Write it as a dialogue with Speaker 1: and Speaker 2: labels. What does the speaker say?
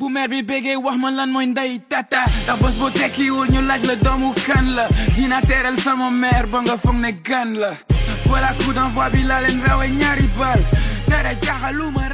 Speaker 1: bu mer bi bégee wax man lan mooy ndey tata da bos bu tekkiwul ñu laaj la doomu kan la dina teral sama mer ba nga foog ne gan la voilà coup d'envoi bi la leen rawe ñaari bal dara jaxaluma